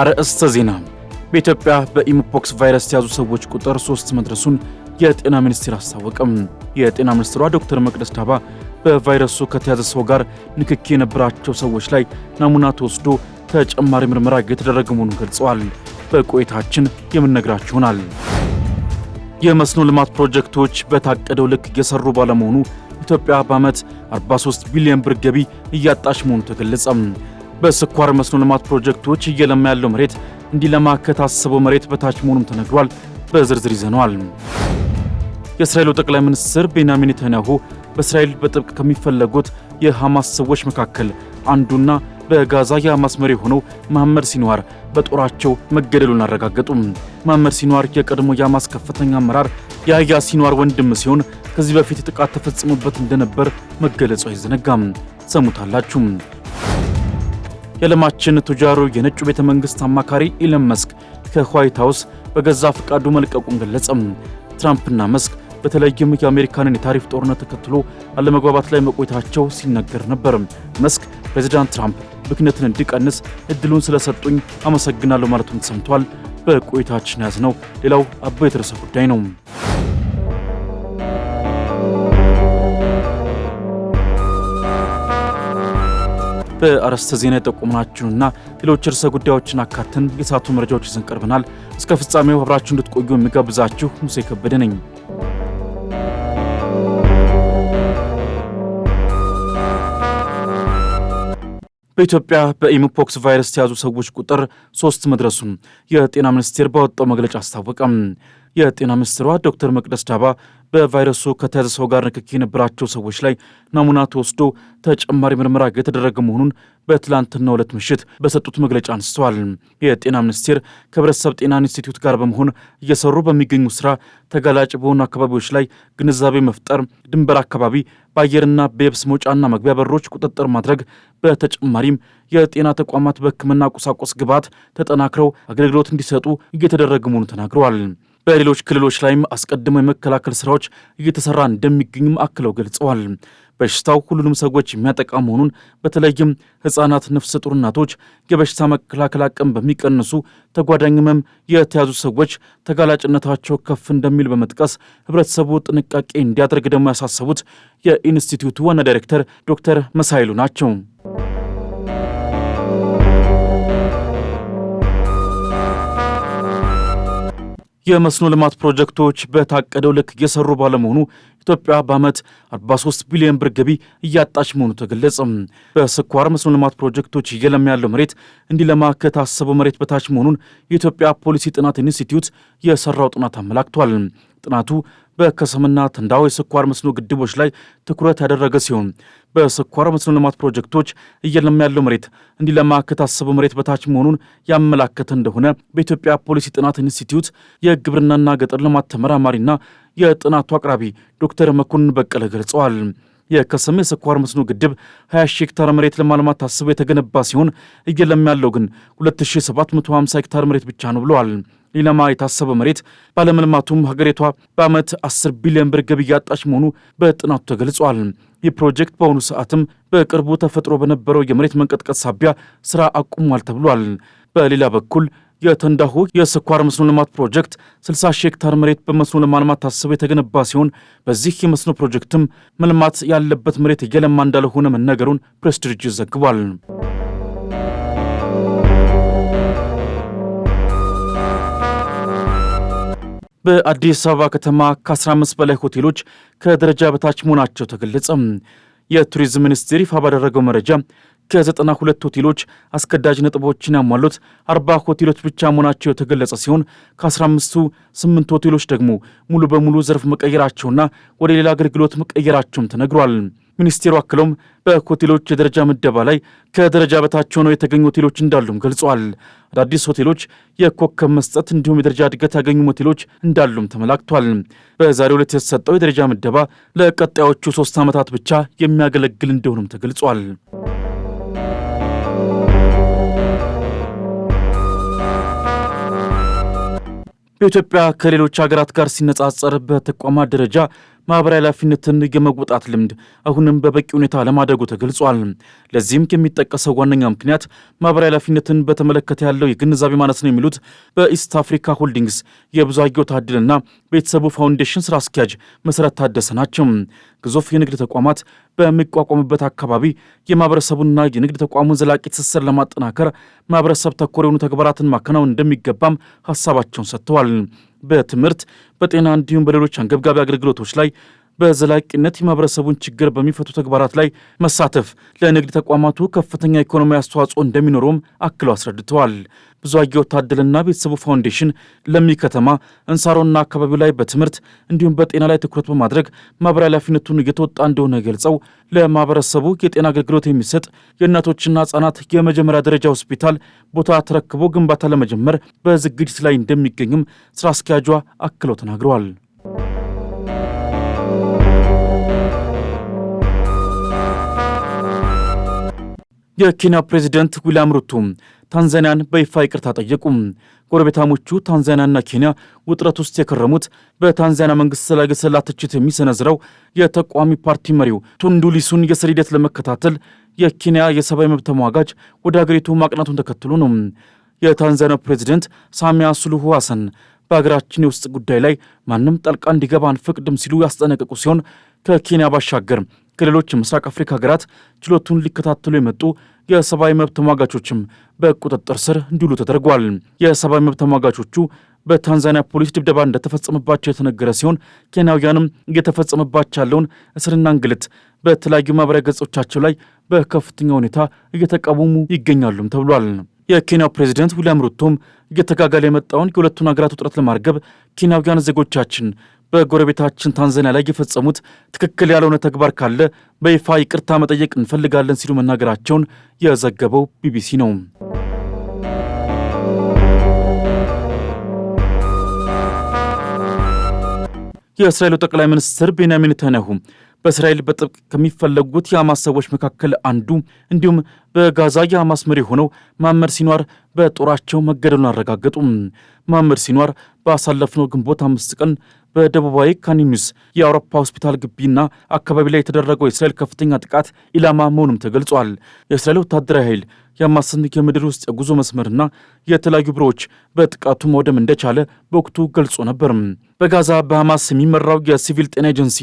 አርዕስተ ዜና። በኢትዮጵያ በኢምፖክስ ቫይረስ የተያዙ ሰዎች ቁጥር ሶስት መድረሱን የጤና ሚኒስቴር አስታወቀም። የጤና ሚኒስትሯ ዶክተር መቅደስ ዳባ በቫይረሱ ከተያዘ ሰው ጋር ንክኪ የነበራቸው ሰዎች ላይ ናሙና ተወስዶ ተጨማሪ ምርመራ እየተደረገ መሆኑን ገልጸዋል። በቆይታችን የምንነግራችሁ ይሆናል። የመስኖ ልማት ፕሮጀክቶች በታቀደው ልክ እየሰሩ ባለመሆኑ ኢትዮጵያ በዓመት 43 ቢሊዮን ብር ገቢ እያጣች መሆኑ ተገለጸ። በስኳር መስኖ ልማት ፕሮጀክቶች እየለማ ያለው መሬት እንዲለማ ከታሰበው መሬት በታች መሆኑም ተነግሯል። በዝርዝር ይዘነዋል። የእስራኤሉ ጠቅላይ ሚኒስትር ቤንያሚን ኔታንያሁ በእስራኤል በጥብቅ ከሚፈለጉት የሐማስ ሰዎች መካከል አንዱና በጋዛ የሐማስ መሪ የሆነው መሐመድ ሲንዋር በጦራቸው መገደሉን አረጋገጡም። መሐመድ ሲንዋር የቀድሞ የሐማስ ከፍተኛ አመራር የአህያ ሲንዋር ወንድም ሲሆን ከዚህ በፊት ጥቃት ተፈጽሞበት እንደነበር መገለጹ አይዘነጋም። ሰሙታላችሁ። የዓለማችን ቱጃሩ የነጩ ቤተ መንግሥት አማካሪ ኢለን መስክ ከዋይት ሃውስ በገዛ ፈቃዱ መልቀቁን ገለጸም። ትራምፕና መስክ በተለይም የአሜሪካንን የታሪፍ ጦርነት ተከትሎ አለመግባባት ላይ መቆየታቸው ሲነገር ነበር። መስክ ፕሬዚዳንት ትራምፕ ብክነትን እንዲቀንስ እድሉን ስለሰጡኝ አመሰግናለሁ ማለቱን ሰምቷል። በቆይታችን ያዝነው ሌላው አበይት ርዕሰ ጉዳይ ነው። በአርዕስተ ዜና የጠቆምናችሁንና ሌሎች ርዕሰ ጉዳዮችን አካተን የሰዓቱ መረጃዎች ይዘን ቀርበናል። እስከ ፍጻሜው አብራችሁ እንድትቆዩ የሚጋብዛችሁ ሙሴ ከበደ ነኝ። በኢትዮጵያ በኢምፖክስ ቫይረስ የተያዙ ሰዎች ቁጥር ሶስት መድረሱን የጤና ሚኒስቴር ባወጣው መግለጫ አስታወቀም። የጤና ሚኒስትሯ ዶክተር መቅደስ ዳባ በቫይረሱ ከተያዘ ሰው ጋር ንክኪ የነበራቸው ሰዎች ላይ ናሙና ተወስዶ ተጨማሪ ምርመራ የተደረገ መሆኑን በትላንትና ዕለት ምሽት በሰጡት መግለጫ አንስተዋል። የጤና ሚኒስቴር ከህብረተሰብ ጤና ኢንስቲትዩት ጋር በመሆን እየሰሩ በሚገኙ ስራ ተጋላጭ በሆኑ አካባቢዎች ላይ ግንዛቤ መፍጠር፣ ድንበር አካባቢ በአየርና በየብስ መውጫና መግቢያ በሮች ቁጥጥር ማድረግ፣ በተጨማሪም የጤና ተቋማት በህክምና ቁሳቁስ ግብዓት ተጠናክረው አገልግሎት እንዲሰጡ እየተደረገ መሆኑን ተናግረዋል። በሌሎች ክልሎች ላይም አስቀድሞ የመከላከል ስራዎች እየተሰራ እንደሚገኝም አክለው ገልጸዋል። በሽታው ሁሉንም ሰዎች የሚያጠቃ መሆኑን በተለይም ህጻናት፣ ነፍሰ ጡር እናቶች፣ የበሽታ መከላከል አቅም በሚቀንሱ ተጓዳኝ ህመም የተያዙ ሰዎች ተጋላጭነታቸው ከፍ እንደሚል በመጥቀስ ህብረተሰቡ ጥንቃቄ እንዲያደርግ ደግሞ ያሳሰቡት የኢንስቲትዩቱ ዋና ዳይሬክተር ዶክተር መሳይሉ ናቸው። የመስኖ ልማት ፕሮጀክቶች በታቀደው ልክ እየሰሩ ባለመሆኑ ኢትዮጵያ በዓመት 43 ቢሊዮን ብር ገቢ እያጣች መሆኑ ተገለጸ። በስኳር መስኖ ልማት ፕሮጀክቶች እየለም ያለው መሬት እንዲለማ ከታሰበው መሬት በታች መሆኑን የኢትዮጵያ ፖሊሲ ጥናት ኢንስቲትዩት የሰራው ጥናት አመላክቷል። ጥናቱ በከሰምና ተንዳሆ የስኳር መስኖ ግድቦች ላይ ትኩረት ያደረገ ሲሆን በስኳር መስኖ ልማት ፕሮጀክቶች እየለማ ያለው መሬት እንዲለማ ከታሰበው መሬት በታች መሆኑን ያመላከተ እንደሆነ በኢትዮጵያ ፖሊሲ ጥናት ኢንስቲትዩት የግብርናና ገጠር ልማት ተመራማሪና የጥናቱ አቅራቢ ዶክተር መኮንን በቀለ ገልጸዋል። የከሰም የስኳር መስኖ ግድብ 20 ሺህ ሄክታር መሬት ለማልማት ታስቦ የተገነባ ሲሆን እየለም ያለው ግን 2750 ሄክታር መሬት ብቻ ነው ብለዋል። ሊለማ የታሰበ መሬት ባለመልማቱም ሀገሪቷ በዓመት 10 ቢሊዮን ብር ገቢ እያጣች መሆኑ በጥናቱ ተገልጿል። ይህ ፕሮጀክት በአሁኑ ሰዓትም በቅርቡ ተፈጥሮ በነበረው የመሬት መንቀጥቀጥ ሳቢያ ስራ አቁሟል ተብሏል። በሌላ በኩል የተንዳሆ የስኳር መስኖ ልማት ፕሮጀክት 60 ሺህ ሄክታር መሬት በመስኖ ለማልማት ታስቦ የተገነባ ሲሆን በዚህ የመስኖ ፕሮጀክትም መልማት ያለበት መሬት እየለማ እንዳልሆነ መነገሩን ፕሬስ ድርጅት ዘግቧል። በአዲስ አበባ ከተማ ከ15 በላይ ሆቴሎች ከደረጃ በታች መሆናቸው ተገለጸ። የቱሪዝም ሚኒስቴር ይፋ ባደረገው መረጃ ከ92 ሆቴሎች አስገዳጅ ነጥቦችን ያሟሉት 40 ሆቴሎች ብቻ መሆናቸው የተገለጸ ሲሆን ከ 15 8 ሆቴሎች ደግሞ ሙሉ በሙሉ ዘርፍ መቀየራቸውና ወደ ሌላ አገልግሎት መቀየራቸውም ተነግሯል። ሚኒስቴሩ አክለውም በሆቴሎች የደረጃ ምደባ ላይ ከደረጃ በታች ሆነው የተገኙ ሆቴሎች እንዳሉም ገልጿል። አዳዲስ ሆቴሎች የኮከብ መስጠት እንዲሁም የደረጃ እድገት ያገኙ ሆቴሎች እንዳሉም ተመላክቷል። በዛሬው ዕለት የተሰጠው የደረጃ ምደባ ለቀጣዮቹ ሶስት ዓመታት ብቻ የሚያገለግል እንደሆኑም ተገልጿል። በኢትዮጵያ ከሌሎች ሀገራት ጋር ሲነጻጸር በተቋማት ደረጃ ማኅበራዊ ኃላፊነትን የመወጣት ልምድ አሁንም በበቂ ሁኔታ ለማደጉ ተገልጿል። ለዚህም የሚጠቀሰው ዋነኛ ምክንያት ማኅበራዊ ኃላፊነትን በተመለከተ ያለው የግንዛቤ ማነት ነው የሚሉት በኢስት አፍሪካ ሆልዲንግስ የብዙአየሁ ታድልና ቤተሰቡ ፋውንዴሽን ስራ አስኪያጅ መሰረት ታደሰ ናቸው። ግዙፍ የንግድ ተቋማት በሚቋቋምበት አካባቢ የማህበረሰቡና የንግድ ተቋሙን ዘላቂ ትስስር ለማጠናከር ማህበረሰብ ተኮር የሆኑ ተግባራትን ማከናወን እንደሚገባም ሀሳባቸውን ሰጥተዋል። በትምህርት፣ በጤና እንዲሁም በሌሎች አንገብጋቢ አገልግሎቶች ላይ በዘላቂነት የማህበረሰቡን ችግር በሚፈቱ ተግባራት ላይ መሳተፍ ለንግድ ተቋማቱ ከፍተኛ ኢኮኖሚ አስተዋጽኦ እንደሚኖረውም አክለው አስረድተዋል። ብዙአየሁ ወታደልና ቤተሰቡ ፋውንዴሽን ለሚ ከተማ እንሳሮና አካባቢው ላይ በትምህርት እንዲሁም በጤና ላይ ትኩረት በማድረግ ማህበራዊ ኃላፊነቱን እየተወጣ እንደሆነ ገልጸው ለማህበረሰቡ የጤና አገልግሎት የሚሰጥ የእናቶችና ህጻናት የመጀመሪያ ደረጃ ሆስፒታል ቦታ ተረክቦ ግንባታ ለመጀመር በዝግጅት ላይ እንደሚገኝም ስራ አስኪያጇ አክለው ተናግረዋል። የኬንያ ፕሬዚደንት ዊልያም ሩቱ ታንዛኒያን በይፋ ይቅርታ ጠየቁ። ጎረቤታሞቹ ታንዛኒያና ኬንያ ውጥረት ውስጥ የከረሙት በታንዛኒያ መንግስት ላይ ትችት የሚሰነዝረው የተቃዋሚ ፓርቲ መሪው ቱንዱ ሊሱን የእስር ሂደት ለመከታተል የኬንያ የሰብአዊ መብት ተሟጋጅ ወደ ሀገሪቱ ማቅናቱን ተከትሎ ነው። የታንዛኒያ ፕሬዚደንት ሳሚያ ሱሉሁ ሐሰን በሀገራችን የውስጥ ጉዳይ ላይ ማንም ጠልቃ እንዲገባ አንፈቅድም ሲሉ ያስጠነቀቁ ሲሆን ከኬንያ ባሻገር ከሌሎች የምስራቅ አፍሪካ ሀገራት ችሎቱን ሊከታተሉ የመጡ የሰብአዊ መብት ተሟጋቾችም በቁጥጥር ስር እንዲውሉ ተደርጓል። የሰብአዊ መብት ተሟጋቾቹ በታንዛኒያ ፖሊስ ድብደባ እንደተፈጸመባቸው የተነገረ ሲሆን ኬንያውያንም እየተፈጸመባቸው ያለውን እስርና እንግልት በተለያዩ ማህበራዊ ገጾቻቸው ላይ በከፍተኛ ሁኔታ እየተቃወሙ ይገኛሉም ተብሏል። የኬንያው ፕሬዚደንት ዊልያም ሩቶም እየተጋጋለ የመጣውን የሁለቱን ሀገራት ውጥረት ለማርገብ ኬንያውያን ዜጎቻችን በጎረቤታችን ታንዛኒያ ላይ የፈጸሙት ትክክል ያልሆነ ተግባር ካለ በይፋ ይቅርታ መጠየቅ እንፈልጋለን ሲሉ መናገራቸውን የዘገበው ቢቢሲ ነው። የእስራኤሉ ጠቅላይ ሚኒስትር ቤንያሚን ኔታንያሁ በእስራኤል በጥብቅ ከሚፈለጉት የሐማስ ሰዎች መካከል አንዱ እንዲሁም በጋዛ የሐማስ መሪ ሆነው መሐመድ ሲኗር በጦራቸው መገደሉን አረጋገጡ። መሐመድ ሲኗር ባሳለፍነው ግንቦት አምስት ቀን በደቡባዊ ካኒሚስ የአውሮፓ ሆስፒታል ግቢና አካባቢ ላይ የተደረገው የእስራኤል ከፍተኛ ጥቃት ኢላማ መሆኑም ተገልጿል። የእስራኤል ወታደራዊ ኃይል የማስንቅ የምድር ውስጥ የጉዞ መስመርና የተለያዩ ቢሮዎች በጥቃቱ መውደም እንደቻለ በወቅቱ ገልጾ ነበር። በጋዛ በሐማስ የሚመራው የሲቪል ጤና ኤጀንሲ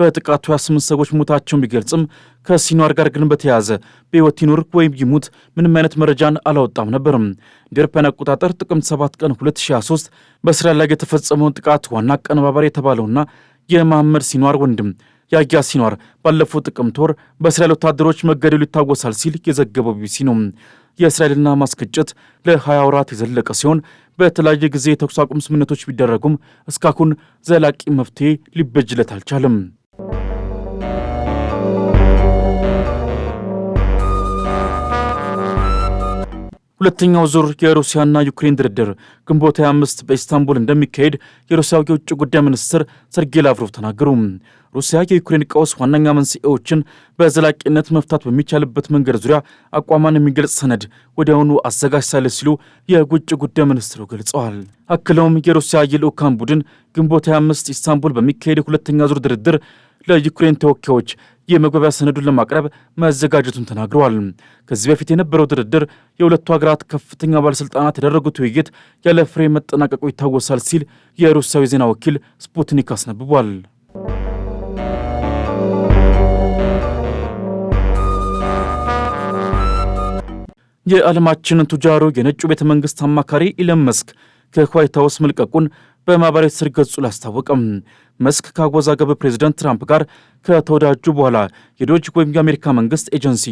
በጥቃቱ 28 ሰዎች ሞታቸውን ቢገልጽም ከሲኗር ጋር ግን በተያያዘ በሕይወት ይኑር ወይም ይሙት ምንም አይነት መረጃን አላወጣም ነበር። እንደ አውሮፓውያን አቆጣጠር ጥቅምት 7 ቀን 2023 በእስራኤል ላይ የተፈጸመውን ጥቃት ዋና አቀነባባሪ የተባለውና የመሐመድ ሲኗር ወንድም ያህያ ሲኗር ባለፈው ጥቅምት ወር በእስራኤል ወታደሮች መገደሉ ይታወሳል ሲል የዘገበው ቢቢሲ ነው። የእስራኤልና ማስ ግጭት ለ20 ወራት የዘለቀ ሲሆን በተለያየ ጊዜ የተኩስ አቁም ስምምነቶች ቢደረጉም እስካሁን ዘላቂ መፍትሄ ሊበጅለት አልቻለም። ሁለተኛው ዙር የሩሲያና ዩክሬን ድርድር ግንቦት 25 በኢስታንቡል እንደሚካሄድ የሩሲያው የውጭ ጉዳይ ሚኒስትር ሰርጌይ ላቭሮቭ ተናገሩ። ሩሲያ የዩክሬን ቀውስ ዋነኛ መንስኤዎችን በዘላቂነት መፍታት በሚቻልበት መንገድ ዙሪያ አቋሟን የሚገልጽ ሰነድ ወዲያውኑ አዘጋጅታለች ሲሉ የውጭ ጉዳይ ሚኒስትሩ ገልጸዋል። አክለውም የሩሲያ የልዑካን ቡድን ግንቦት 25 ኢስታንቡል በሚካሄድ ሁለተኛ ዙር ድርድር ለዩክሬን ተወካዮች የመግባቢያ ሰነዱን ለማቅረብ መዘጋጀቱን ተናግረዋል። ከዚህ በፊት የነበረው ድርድር የሁለቱ ሀገራት ከፍተኛ ባለሥልጣናት ያደረጉት ውይይት ያለ ፍሬ መጠናቀቁ ይታወሳል ሲል የሩሲያዊ ዜና ወኪል ስፑትኒክ አስነብቧል። የዓለማችንን ቱጃሩ የነጩ ቤተ መንግሥት አማካሪ ኢለን መስክ ከዋይት ሀውስ መልቀቁን በማህበራዊ ትስስር ገጹ ላይ አስታወቀም። መስክ ከአወዛጋቢ ፕሬዚደንት ትራምፕ ጋር ከተወዳጁ በኋላ የዶጅ ወይም የአሜሪካ መንግስት ኤጀንሲ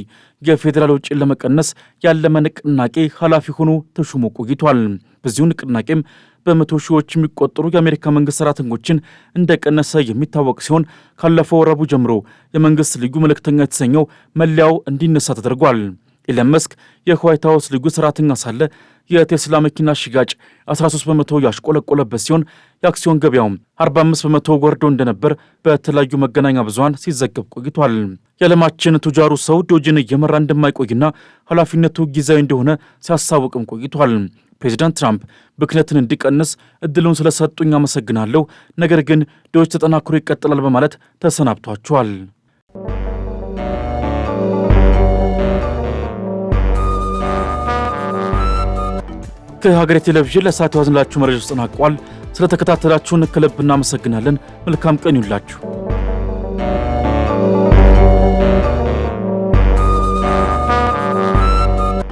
የፌዴራል ወጪን ለመቀነስ ያለመ ንቅናቄ ኃላፊ ሆኖ ተሹሞ ቆይቷል። በዚሁ ንቅናቄም በመቶ ሺዎች የሚቆጠሩ የአሜሪካ መንግስት ሰራተኞችን እንደቀነሰ የሚታወቅ ሲሆን ካለፈው ረቡዕ ጀምሮ የመንግስት ልዩ መልእክተኛ የተሰኘው መለያው እንዲነሳ ተደርጓል። ኢለን መስክ የዋይት ሀውስ ልዩ ሰራተኛ ሳለ የቴስላ መኪና ሽጋጭ 13 በመቶ ያሽቆለቆለበት ሲሆን የአክሲዮን ገበያውም 45 በመቶ ወርዶ እንደነበር በተለያዩ መገናኛ ብዙሃን ሲዘገብ ቆይቷል። የዓለማችን ቱጃሩ ሰው ዶጅን እየመራ እንደማይቆይና ኃላፊነቱ ጊዜያዊ እንደሆነ ሲያሳውቅም ቆይቷል። ፕሬዚዳንት ትራምፕ ብክነትን እንዲቀንስ እድሉን ስለሰጡኝ አመሰግናለሁ፣ ነገር ግን ዶጅ ተጠናክሮ ይቀጥላል በማለት ተሰናብቷቸዋል። ከሀገሬ ቴሌቪዥን ለሰዓት የዋዝንላችሁ መረጃዎች ተጠናቋል። ስለተከታተላችሁን ከልብ እናመሰግናለን። መልካም ቀን ይሁንላችሁ።